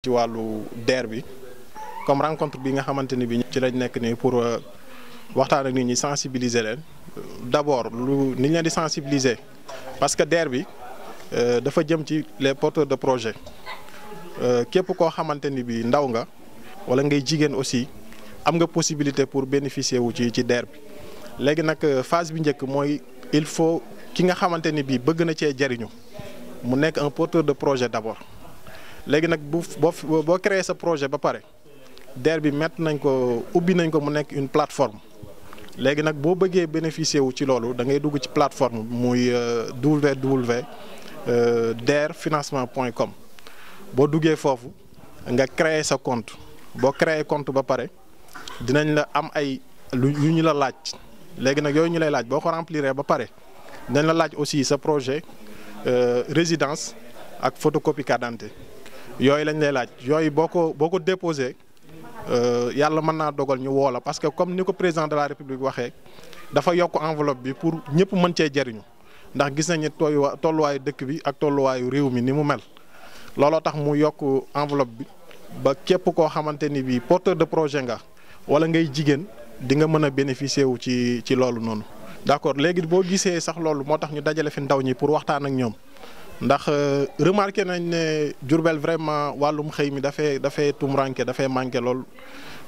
ci wàllu DER bi comme rencontre bi nga xamante ni bi ci lañ nekk nii pour euh, waxtaan ak nit ñi sensibiliser leen d'abord lu ni ñu leen di sensibiliser parce que DER bi euh, dafa jëm ci les porteurs de projet euh, képp koo xamante ni bi ndaw nga wala ngay jigéen aussi am nga possibilité pour bénéficier wu ci ci DER bi léegi nag phase bi njëkk mooy il faut ki nga xamante ni bi bëgg na cee jariñu mu nekk un porteur de projet d'abord léegi nag bu boo boo créer sa projet ba pare DER bi mett nañ ko ubbi nañ ko mu nekk une plateforme léegi nag boo bëggee bénéficier wu ci loolu da ngay dugg ci plateforme muy www euh, euh, DER financement point com boo duggee foofu nga créer sa compte boo créer compte ba pare dinañ la am ay lu yu ñu la laaj léegi nag yooyu ñu lay laaj boo ko remplir ba pare dinañ la laaj aussi sa projet euh, résidence ak photocopie carte yooyu lañ lay laaj yooyu boo ko boo ko déposé euh, yàlla mën naa dogal ñu woo la parce que comme ni ko président de la république waxee dafa yokk enveloppe bi pour ñëpp mën cee jariñu ndax gis nañu tooywa tolluwaayu dëkk bi ak tolluwaayu réew mi ni mu mel looloo tax mu yokk enveloppe bi ba képp koo xamante ni bii porteur de projet nga wala ngay jigéen di nga mën a bénéficier wu ci ci loolu noonu. d'accord léegi boo gisee sax loolu moo tax ñu dajale fi ndaw ñi pour waxtaan ak ñoom. ndax euh, remarqué nañ ne Diourbel vraiment wàllum xëy mi dafay dafay tumuranke dafay manqué lool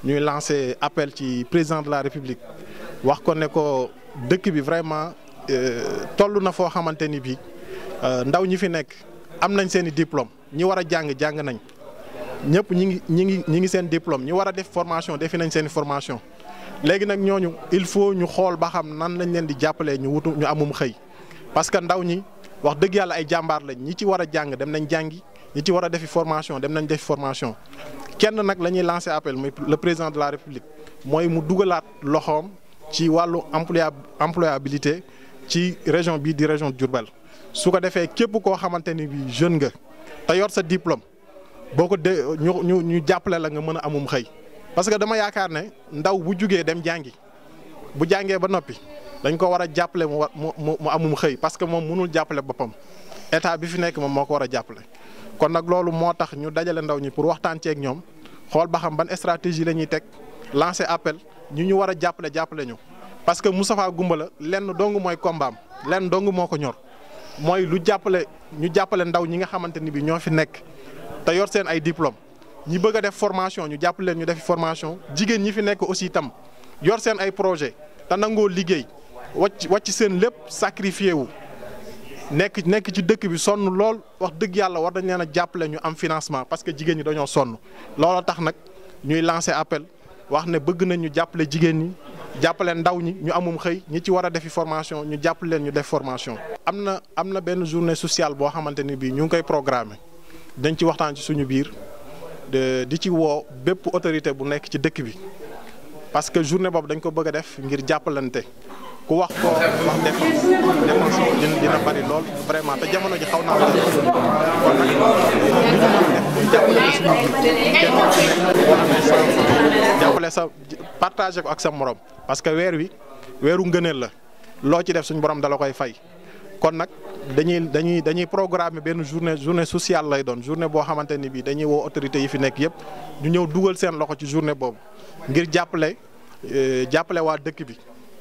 ñuy lancé appel ci président de la république wax ko ne ko dëkk bi vraiment euh, toll na foo xamante ni bii euh, ndaw ñi fi nekk am nañ seen i diplôme ñi war a jàng jàng nañ ñëpp ñi ngi ñi ngi ñi ngi seen diplôme ñi war a def formation defi nañ seen formation léegi nag ñooñu il faut ñu xool ba xam nan lañ leen di jàppalee ñu wutu ñu amum xëy parce que ndaw ñi. wax dëgg yàlla ay jàmbaar lañ ñi ci war a jàng dem nañ jàngi ñi ci war a defi formation dem nañ defi formation kenn nag la ñuy lancer appel muy le président de la république mooy mu dugalaat loxoom ci wàllu employa employabilité ci région bii di région Diourbel su ko defee képp koo xamante ni bi jeune nga te yor sa diplôme boo ko de ñu ñu jàppale la nga mën a amum xëy parce que dama yaakaar ne ndaw bu jugee dem jàngi bu jàngee ba noppi dañ ko war a jàppale mu war mu mu amum xëy parce que moom mënul jàppale boppam état bi fi nekk moom moo ko war a jàppale. kon nag loolu moo tax ñu dajale ndaw ñi pour waxtaan ceeg ñoom xool ba xam ban stratégie la ñuy teg lancer appel ñu ñu war a jàppale jàppale ñu parce que gumba la lenn dong mooy kombaam lenn dong moo ko ñor mooy lu jàppale ñu jàppale ndaw ñi nga xamante ni bi ñoo fi nekk te yor seen ay diplôme ñi bëgg a def formation ñu jàppale leen ñu defi formation jigéen ñi fi nekk aussi itam yor seen ay projet te liggéey. wàcc wàcc seen lépp sacrifié wu nekk nekk ci dëkk bi sonn lool wax dëgg yàlla war nañ leen a jàppale ñu am financement parce que jigéen ñi dañoo sonn looloo tax nag ñuy lancé appel wax ne bëgg nañ ñu jàppale jigéen ñi jàppale ndaw ñi ñu amum xëy ñi ci war a defi formation ñu jàppale ñu def formation. am na am na benn journée sociale boo xamante ni bii ñu ngi koy programmer dañ ci waxtaan ci suñu biir di ci woo bépp autorité bu nekk ci dëkk bi parce que journée boobu dañ ko bëgg a def ngir jàppalante. ku wax ko wax défense défense dina dina bari lool vraiment te jamono ji xaw naa la kon jàppale sa partagé ko ak sa morom parce que weer wi weeru ngëneel la loo ci def suñu borom dala koy fay kon nag dañuy dañuy dañuy programmer benn journée journée sociale lay doon journée boo xamante ni bii dañuy woo autorités yi fi nekk yëpp ñu ñëw dugal seen loxo ci journée boobu ngir jàppale euh, jàppale waa dëkk bi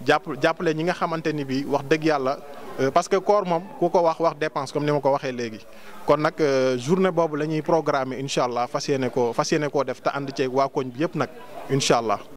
jàpp jàppale ñi nga xamante ni bii wax dëgg yàlla euh, parce que koor moom ku ko wax wax dépense comme ni ma ko waxee léegi kon nag euh, journée boobu la ñuy programmer incha allah fas yéene koo fas yéene koo def te ànd ceeg waa koñ bi yëpp nag incha allah.